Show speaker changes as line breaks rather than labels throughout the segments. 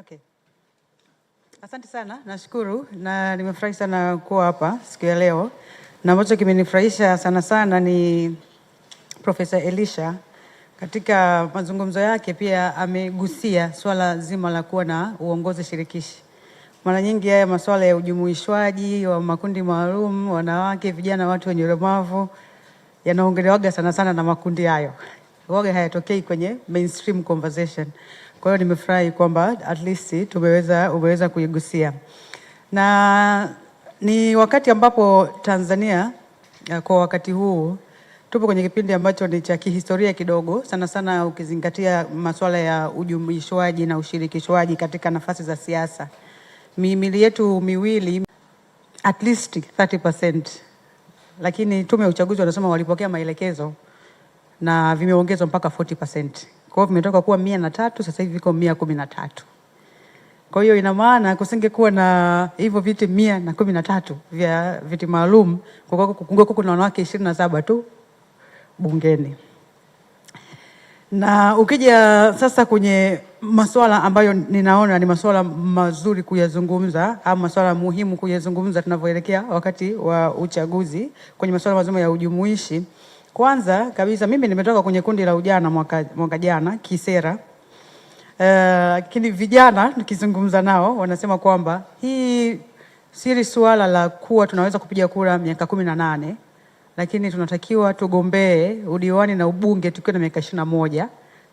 Okay. Asante sana, nashukuru na nimefurahi sana kuwa hapa siku ya leo, na ambacho kimenifurahisha sana sana ni Profesa Elisha katika mazungumzo yake pia amegusia swala zima la kuwa na uongozi shirikishi. Mara nyingi haya masuala ya ujumuishwaji wa makundi maalum, wanawake, vijana, watu wenye ulemavu yanaongelewaga sana sana na makundi hayo, waga hayatokei kwenye mainstream conversation. Kwa hiyo nimefurahi kwamba at least tumeweza umeweza kuigusia, na ni wakati ambapo Tanzania eh, kwa wakati huu tupo kwenye kipindi ambacho ni cha kihistoria kidogo sana sana, ukizingatia masuala ya ujumuishwaji na ushirikishwaji katika nafasi za siasa. Mihimili yetu miwili at least 30%, lakini tume ya uchaguzi wanasema walipokea maelekezo na vimeongezwa mpaka 40%. Kwa hiyo vimetoka kuwa mia na tatu sasa hivi viko mia kumi na tatu. Kwa hiyo ina maana kusingekuwa na hivyo viti mia na kumi na tatu vya viti maalum, kungekuwa kuna wanawake ishirini na saba tu bungeni. Na ukija sasa kwenye masuala ambayo ninaona ni masuala mazuri kuyazungumza au masuala muhimu kuyazungumza tunavyoelekea wakati wa uchaguzi, kwenye masuala mazima ya ujumuishi kwanza kabisa mimi nimetoka kwenye kundi la ujana mwaka, mwaka jana kisera, eh, lakini uh, vijana nikizungumza nao wanasema kwamba hii siri suala la kuwa tunaweza kupiga kura miaka kumi na nane lakini tunatakiwa tugombee udiwani na ubunge tukiwa na miaka ishirini na moja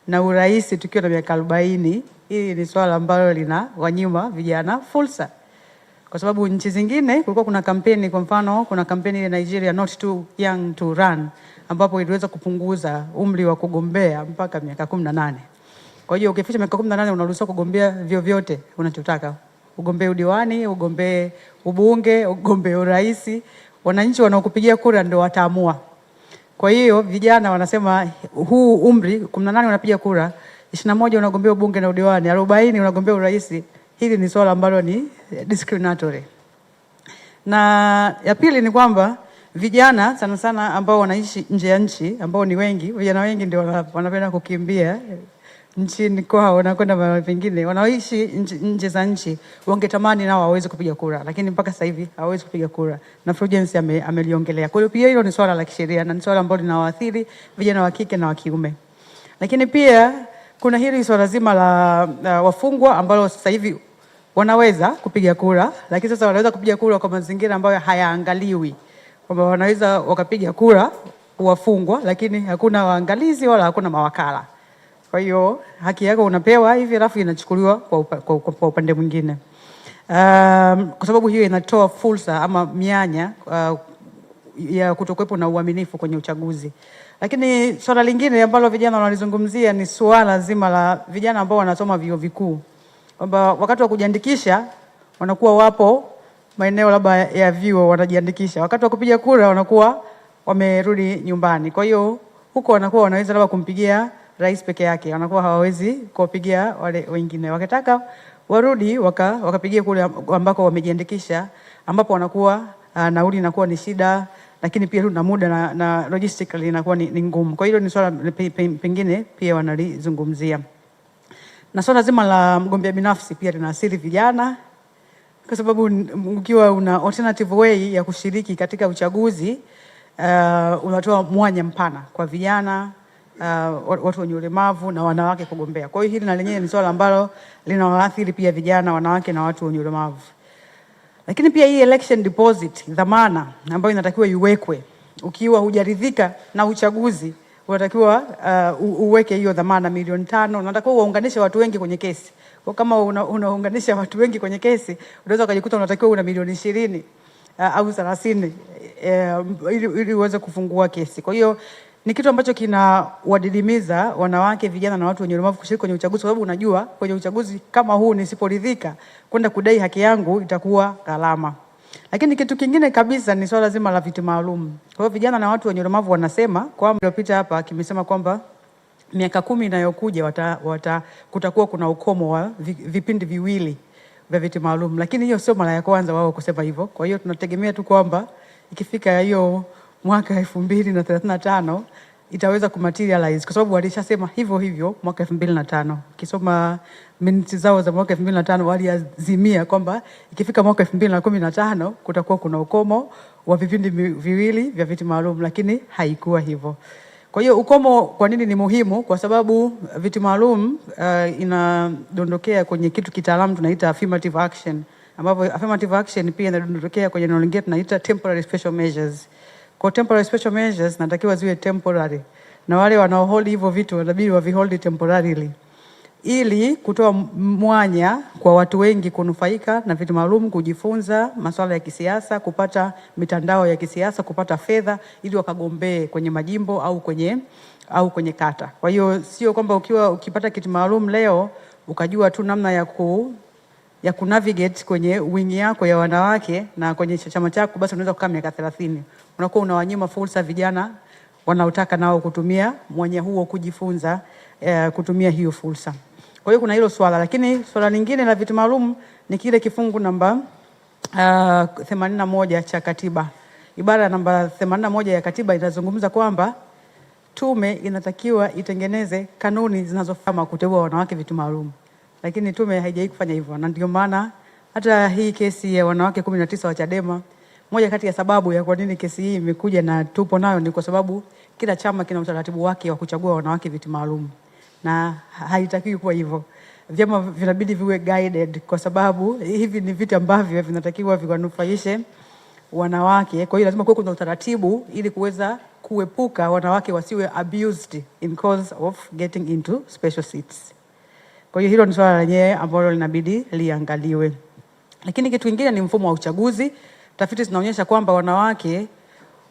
na urais tukiwa na miaka arobaini. Hili ni swala ambalo lina wanyima vijana fursa, kwa sababu nchi zingine kulikuwa kuna kampeni. Kwa mfano, kuna kampeni ya Nigeria, not too young to run, ambapo iliweza kupunguza umri wa kugombea mpaka miaka kumi na nane. Kwa hiyo ukifikisha miaka kumi na nane unaruhusiwa kugombea vyovyote unachotaka, ugombee udiwani, ugombee ubunge, ugombee urais. Wananchi wanaokupigia kura ndio wataamua. Kwa hiyo vijana wanasema huu umri 18 unapiga kura, 21 unagombea ubunge na udiwani, 40 unagombea urais. Hili ni swala ambalo ni discriminatory. Na ya pili ni kwamba vijana sana sana ambao wanaishi nje ya nchi ambao ni wengi, vijana wengi ndio wanapenda kukimbia eh, nchini kwao, wanakwenda mahali pengine, wanaoishi nje za nchi, wangetamani nao waweze kupiga kura, lakini mpaka sasa hivi hawawezi kupiga kura, na Fulgence ameliongelea. Kwa hiyo pia hilo ni swala la kisheria na ni swala ambalo linawaathiri vijana wa kike na wa kiume, lakini pia kuna hili swala zima la, uh, wafungwa ambalo sasa hivi wanaweza kupiga kura, lakini sasa wanaweza kupiga kura kwa mazingira ambayo hayaangaliwi kwamba wanaweza wakapiga kura wafungwa, lakini hakuna waangalizi wala hakuna mawakala. Kwa hiyo haki yako unapewa hivi, alafu inachukuliwa kwa, upa, kwa, kwa upande mwingine um, kwa sababu hiyo inatoa fursa ama mianya uh, ya kutokuwepo na uaminifu kwenye uchaguzi. Lakini swala lingine ambalo vijana wanalizungumzia ni suala zima la vijana ambao wanasoma vyuo vikuu, kwamba wakati wa kujiandikisha wanakuwa wapo maeneo labda ya vyuo wanajiandikisha, wakati wa kupiga kura wanakuwa wamerudi nyumbani. Kwa hiyo huko wanakuwa wanaweza labda kumpigia rais peke yake, wanakuwa hawawezi kuwapigia wale wengine. Wakitaka warudi waka, wakapigia kule ambako wamejiandikisha, ambapo wanakuwa ah, nauli inakuwa ni shida, lakini pia na muda na, na logistically inakuwa ni ni ngumu. Kwa hiyo ni swala pengine pia wanalizungumzia, na swala zima la mgombea binafsi pia linaathiri vijana kwa sababu ukiwa una alternative way ya kushiriki katika uchaguzi uh, unatoa mwanya mpana kwa vijana uh, watu wenye ulemavu na wanawake kugombea. Kwa hiyo hili na lenyewe ni swala ambalo linawaathiri pia vijana, wanawake na watu wenye ulemavu. Lakini pia hii election deposit, dhamana ambayo inatakiwa iwekwe ukiwa hujaridhika na uchaguzi unatakiwa uh, uweke hiyo dhamana milioni tano. Unatakiwa uwaunganishe watu wengi kwenye kesi kwa kama unaunganisha una, watu wengi kwenye kesi unaweza ukajikuta unatakiwa una milioni ishirini uh, au thelathini uh, ili, ili uweze kufungua kesi. Kwa hiyo ni kitu ambacho kinawadidimiza wanawake, vijana na watu wenye ulemavu kushiriki kwenye uchaguzi, kwa sababu unajua kwenye uchaguzi kama huu nisipolidhika kwenda kudai haki yangu itakuwa gharama. Lakini kitu kingine kabisa ni swala zima la viti maalum. Kwa hiyo vijana na watu wenye ulemavu wanasema kwa iliyopita hapa kimesema kwamba miaka kumi inayokuja wata, wata, kutakuwa kuna ukomo wa vipindi viwili vya viti maalum, lakini hiyo sio mara ya kwanza wao kusema hivyo. Kwa hiyo tunategemea tu kwamba ikifika hiyo mwaka elfu mbili na thelathini na tano itaweza kumaterialize kwa sababu walishasema hivyo hivyo mwaka elfu mbili na tano Ukisoma minti zao za mwaka elfu mbili na tano waliazimia kwamba ikifika mwaka elfu mbili na na kumi tano kutakuwa kuna ukomo wa vipindi viwili vya viti maalum, lakini haikuwa hivyo. Kwa hiyo ukomo kwa nini ni muhimu? Kwa sababu uh, viti maalum uh, inadondokea kwenye kitu kitaalamu tunaita affirmative action, ambapo affirmative action pia inadondokea kwenye neno lingine tunaita temporary special measures. Kwa temporary special measures natakiwa ziwe temporary, na wale wanaohold hivyo vitu wanabidi wavihold temporarily ili kutoa mwanya kwa watu wengi kunufaika na vitu maalum, kujifunza masuala ya kisiasa, kupata mitandao ya kisiasa, kupata fedha ili wakagombee kwenye majimbo au kwenye, au kwenye kata. Kwa hiyo sio kwamba ukiwa ukipata kitu maalum leo ukajua tu namna ya ku ya ku navigate kwenye wingi yako ya wanawake na kwenye chama chako, basi unaweza kukaa miaka 30. Unakuwa unawanyima fursa vijana wanaotaka nao kutumia mwanya huo kujifunza, eh, kutumia hiyo fursa. Kwa hiyo kuna hilo swala, lakini swala lingine la vitu maalum ni kile kifungu namba uh, ah, 81 cha katiba. Ibara namba 81 ya katiba inazungumza kwamba tume inatakiwa itengeneze kanuni zinazofaa kuteua wanawake vitu maalum, lakini tume haijai kufanya hivyo, na ndio maana hata hii kesi ya wanawake 19 wa Chadema, moja kati ya sababu ya kwa nini kesi hii imekuja na tupo nayo ni kwa sababu kila chama kina utaratibu wake wa kuchagua wanawake viti maalum na haitakiwi kuwa hivyo. Vyama vinabidi viwe guided, kwa sababu hivi ni vitu ambavyo vinatakiwa viwanufaishe wanawake. Kwa hiyo lazima kuwe kuna utaratibu ili kuweza kuepuka wanawake wasiwe abused in cause of getting into special seats. Kwa hiyo hilo ni swala lenyewe ambalo linabidi liangaliwe, lakini kitu kingine ni mfumo wa uchaguzi. Tafiti zinaonyesha kwamba wanawake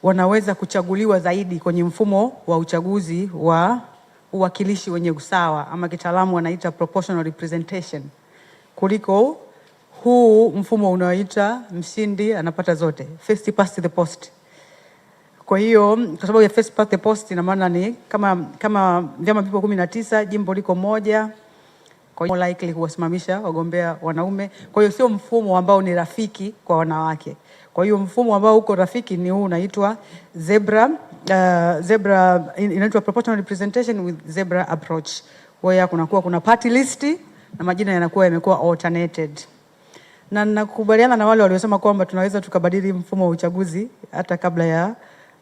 wanaweza kuchaguliwa zaidi kwenye mfumo wa uchaguzi wa uwakilishi wenye usawa ama kitaalamu wanaita proportional representation kuliko huu mfumo unaoita mshindi anapata zote, first past the post. Kwa hiyo kwa sababu ya first past the post, ina maana ni kama kama vyama vipo kumi na tisa, jimbo liko moja kwa hiyo likely kuwasimamisha wagombea wanaume. Kwa hiyo sio mfumo ambao ni rafiki kwa wanawake. Kwa hiyo mfumo ambao uko rafiki ni huu unaitwa zebra, uh, zebra inaitwa proportional representation with zebra approach, Kwa where kunakuwa kuna party list na majina yanakuwa yamekuwa alternated na nakubaliana na wale waliosema kwamba tunaweza tukabadili mfumo wa uchaguzi hata kabla ya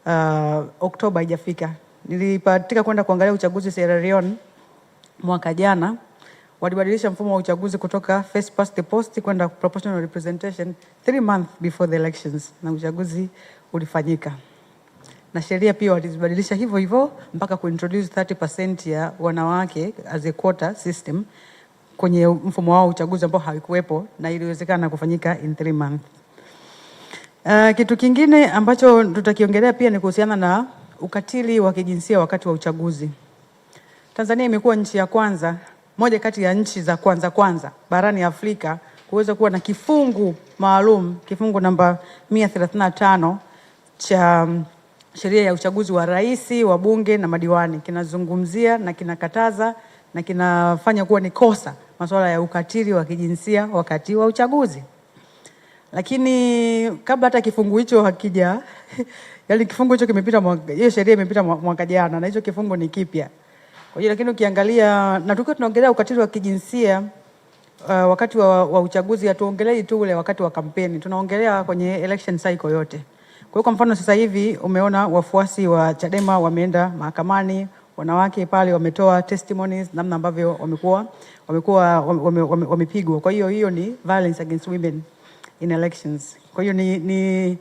uh, Oktoba haijafika. Nilipatika kwenda kuangalia uchaguzi Sierra Leone mwaka jana walibadilisha mfumo wa uchaguzi kutoka first past the post kwenda proportional representation three months before the elections, na uchaguzi ulifanyika na sheria pia walizibadilisha hivyo hivyo mpaka kuintroduce 30% ya wanawake as a quota system kwenye mfumo wao uchaguzi ambao haikuwepo na iliwezekana kufanyika in three months. Uh, kitu kingine ambacho tutakiongelea pia ni kuhusiana na ukatili wa kijinsia wakati wa uchaguzi. Tanzania imekuwa nchi ya kwanza moja kati ya nchi za kwanza kwanza barani Afrika kuweza kuwa na kifungu maalum, kifungu namba 135 cha mm, sheria ya uchaguzi wa rais, wa bunge na madiwani, kinazungumzia na kinakataza na kinafanya kuwa ni kosa masuala ya ukatili wa kijinsia wakati wa uchaguzi. Lakini kabla hata kifungu hicho hakija, yani kifungu hicho kimepita, hiyo sheria imepita mwaka jana, na hicho kifungu ni kipya. Kwa hiyo lakini ukiangalia na tukiwa tunaongelea ukatili wa kijinsia uh, wakati wa, wa uchaguzi hatuongelei tu ule wakati wa kampeni, tunaongelea kwenye election cycle yote. Kwa hiyo kwa mfano sasa hivi umeona wafuasi wa Chadema wameenda mahakamani, wanawake pale wametoa testimonies namna ambavyo wamekuwa wamekuwa wamepigwa. Kwa hiyo hiyo ni violence against women in elections. Kwa hiyo ni, ni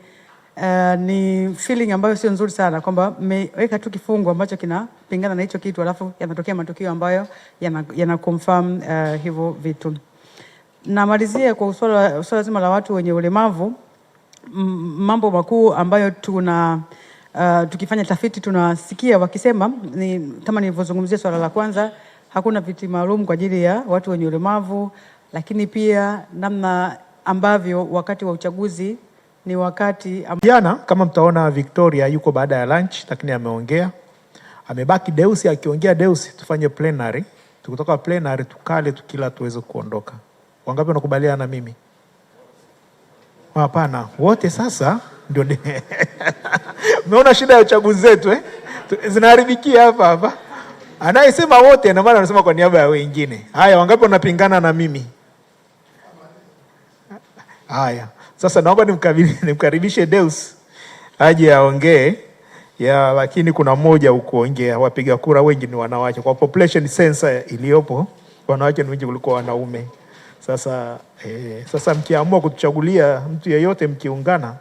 Uh, ni feeling ambayo sio nzuri sana kwamba mmeweka tu kifungu ambacho kinapingana na hicho kitu alafu yanatokea matukio ambayo yana, yana confirm uh, hivyo vitu. Namalizia kwa swala zima la watu wenye ulemavu. Mambo makuu ambayo tuna uh, tukifanya tafiti tunasikia wakisema ni, kama nilivyozungumzia swala la kwanza, hakuna viti maalum kwa ajili ya watu wenye ulemavu, lakini pia namna ambavyo wakati wa uchaguzi ni wakati
jana, kama mtaona Victoria yuko baada ya lunch, lakini ameongea, amebaki Deusi. Akiongea Deusi tufanye plenary, tukitoka plenary tukale, tukila tuweze kuondoka. Wangapi wanakubaliana na mimi? Hapana, wote sasa ndio umeona shida ya uchaguzi zetu eh? zinaharibikia hapa hapa. Anayesema wote, na maana anasema kwa niaba ya wengine. Haya, wangapi wanapingana na mimi? Haya. Sasa naomba nimkaribishe Deus aje aongee ya, lakini kuna mmoja ukuongea, wapiga kura wengi ni wanawake kwa population sensa iliyopo, wanawake ni wengi kuliko wanaume. Sasa eh, sasa mkiamua kutuchagulia mtu yeyote, mkiungana,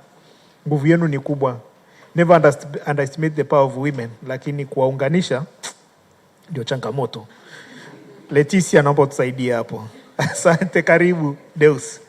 nguvu yenu ni kubwa. Never underestimate the power of women, lakini kuwaunganisha ndio changamoto. Leticia, naomba tusaidie hapo. Asante, karibu Deus.